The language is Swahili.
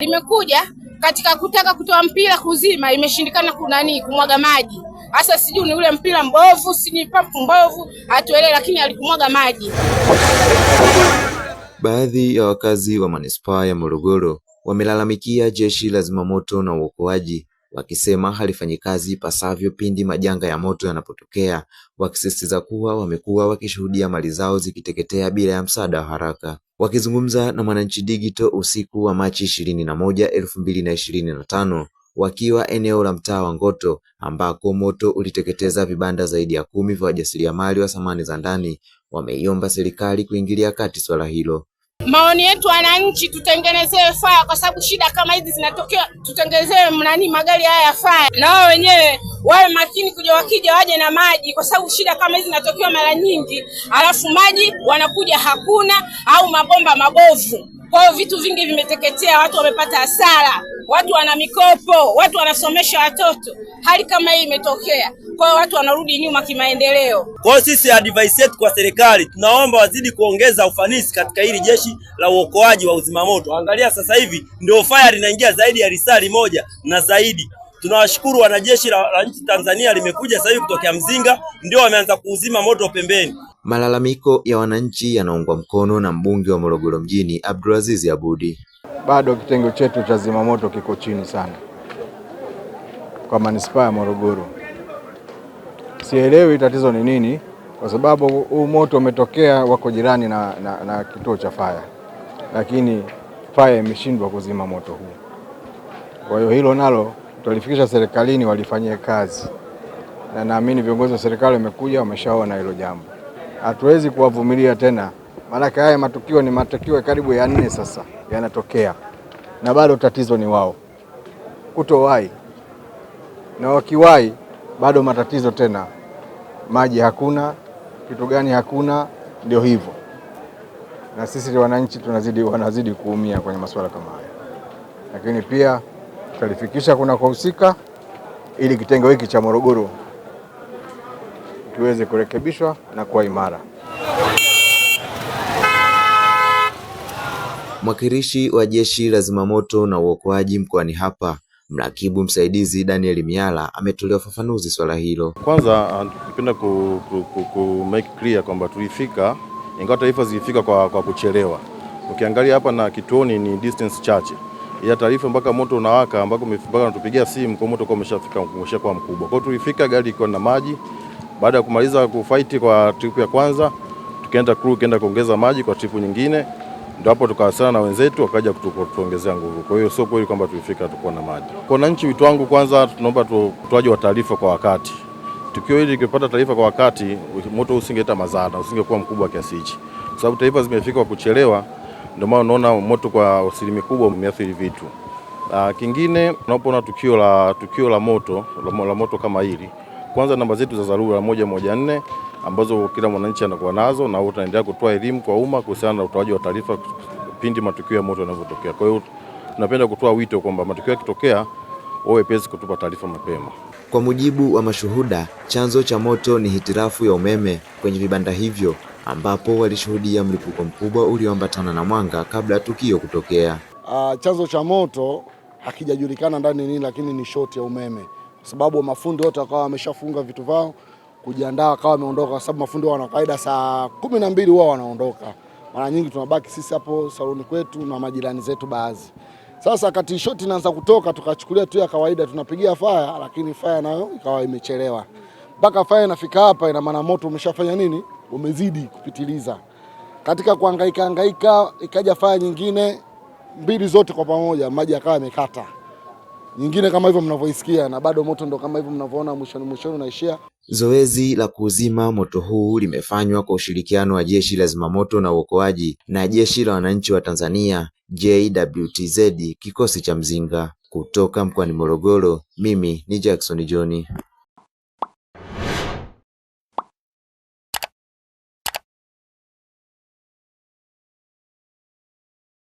limekuja katika kutaka kutoa mpira kuzima, imeshindikana kunani kumwaga maji. Hasa sijui ni ule mpira mbovu, ni pampu mbovu, hatuelewi, lakini alikumwaga maji. Baadhi ya wakazi wa manispaa ya Morogoro wamelalamikia jeshi la zimamoto na uokoaji wakisema halifanyi kazi ipasavyo pindi majanga ya moto yanapotokea, wakisisitiza kuwa wamekuwa wakishuhudia mali zao zikiteketea bila ya msaada wa haraka. Wakizungumza na Mwananchi Digital usiku wa Machi ishirini na moja elfu mbili na ishirini na tano wakiwa eneo la mtaa wa Ngoto ambako moto uliteketeza vibanda zaidi ya kumi vya wajasiriamali wa samani za ndani, wameiomba serikali kuingilia kati swala hilo. Maoni yetu wananchi, tutengenezewe faya, kwa sababu shida kama hizi zinatokea, tutengenezewe nani magari haya ya faya, na wao wenyewe wawe makini kuja, wakija waje na maji, kwa sababu shida kama hizi zinatokea mara nyingi, alafu maji wanakuja hakuna, au mabomba mabovu. Kwa hiyo vitu vingi vimeteketea, watu wamepata hasara, watu wana mikopo, watu wanasomesha watoto. Hali kama hii imetokea, kwa hiyo watu wanarudi nyuma kimaendeleo. Kwa hiyo sisi advice yetu kwa serikali, tunaomba wazidi kuongeza ufanisi katika hili jeshi la uokoaji wa uzimamoto. Angalia sasa hivi ndio fire linaingia zaidi ya risali moja na zaidi. Tunawashukuru wanajeshi la, la nchi Tanzania limekuja sasa hivi kutokea Mzinga, ndio wameanza kuuzima moto pembeni. Malalamiko ya wananchi yanaungwa mkono na mbunge wa Morogoro mjini Abdulaziz Abudi. Bado kitengo chetu cha zimamoto kiko chini sana kwa manispaa ya Morogoro. Sielewi tatizo ni nini, kwa sababu huu moto umetokea wako jirani na, na, na kituo cha faya, lakini faya imeshindwa kuzima moto huu. Kwa hiyo hilo nalo tutalifikisha serikalini walifanyie kazi, na naamini viongozi wa serikali wamekuja wameshaona hilo jambo hatuwezi kuwavumilia tena, maanake haya matukio ni matukio ya karibu ya nne sasa yanatokea, na bado tatizo ni wao kutowahi, na wakiwahi bado matatizo tena, maji hakuna, kitu gani hakuna, ndio hivyo, na sisi wananchi tunazidi wanazidi kuumia kwenye masuala kama haya, lakini pia tutalifikisha kuna kuhusika ili kitengo hiki cha Morogoro kiweze kurekebishwa na kuwa imara. Mwakilishi wa Jeshi la Zimamoto na Uokoaji mkoani hapa Mrakibu Msaidizi Daniel Miala ametolea ufafanuzi swala hilo. Kwanza ah, napenda ku, ku, ku, ku make clear kwamba tulifika, ingawa taarifa zilifika kwa, kwa kuchelewa. Ukiangalia hapa na kituoni ni distance chache, ila taarifa mpaka moto unawaka, ambako mpaka natupigia simu kwa moto kwa umeshafika umeshakuwa mkubwa. Kwa hiyo tulifika gari ikiwa na maji baada ya kumaliza kufight kwa trip ya kwanza, tukaenda crew kaenda kuongeza maji kwa trip nyingine, ndio hapo tukawasiliana na wenzetu wakaja kutuongezea nguvu. Kwa hiyo sio kweli kwamba tulifika tukuwa na maji. Kwa wananchi, wito wangu kwanza, tunaomba utoaji wa taarifa kwa wakati. Tukio hili likipata taarifa kwa wakati, moto usingeleta madhara, usingekuwa mkubwa kiasi hichi, kwa sababu taarifa zimefika kwa kuchelewa. Ndio maana unaona moto kwa asilimia kubwa umeathiri vitu. Uh, Kingine, unapoona tukio la, tukio la moto la, la moto kama hili kwanza namba zetu za dharura moja moja nne ambazo kila mwananchi anakuwa nazo, na tunaendelea kutoa elimu kwa umma kuhusiana na utoaji wa taarifa pindi matukio ya moto yanavyotokea. Kwa hiyo tunapenda kutoa wito kwamba matukio yakitokea wawe wepesi kutupa taarifa mapema. Kwa mujibu wa mashuhuda, chanzo cha moto ni hitirafu ya umeme kwenye vibanda hivyo ambapo walishuhudia mlipuko mkubwa ulioambatana na mwanga kabla ya tukio kutokea. Uh, chanzo cha moto hakijajulikana ndani nini, lakini ni shoti ya umeme kwa sababu mafundi wote wakawa wameshafunga vitu vyao kujiandaa, akawa wameondoka, kwa sababu mafundi wana kawaida saa kumi na mbili wao wanaondoka. Mara nyingi tunabaki sisi hapo saluni kwetu na majirani zetu baadhi. Sasa kati shoti inaanza kutoka, tukachukulia tu ya kawaida, tunapigia faya, lakini faya nayo ikawa imechelewa mpaka faya inafika hapa, ina maana moto umeshafanya nini, umezidi kupitiliza. Katika kuangaika angaika, ikaja faya nyingine mbili, zote kwa pamoja maji yakawa yamekata nyingine kama hivyo mnavyoisikia, na bado moto ndo kama hivyo mnavyoona, mwishoni mwishoni unaishia. Zoezi la kuuzima moto huu limefanywa kwa ushirikiano wa Jeshi la Zimamoto na Uokoaji na Jeshi la Wananchi wa Tanzania JWTZ, kikosi cha Mzinga. Kutoka mkoani Morogoro, mimi ni Jackson John.